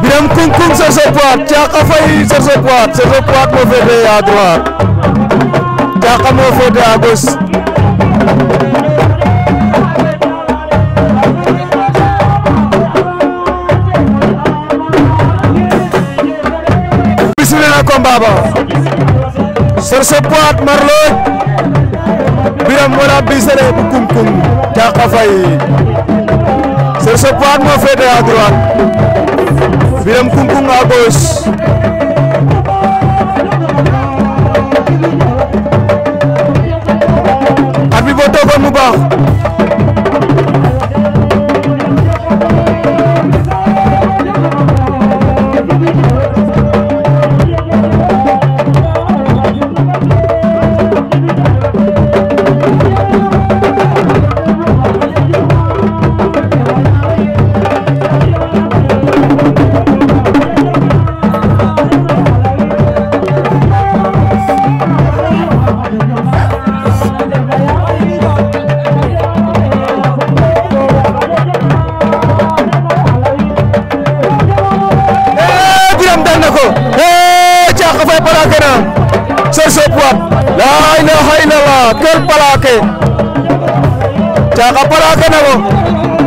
Birame Koungkoung Serge Poite Thiaka Faye Serge Poite Serge Poite moo féetee à droite Thiaka moo féetee à gauche bismillah na combat ba Serge Poite Marloj Birame moo la bisere bu Koungkoung Thiaka Faye Serge Poite moo féetee à droite Birame Koumpoung à gauche waat laa ilaaha illallah kër Palaake caaxa Palaake na ko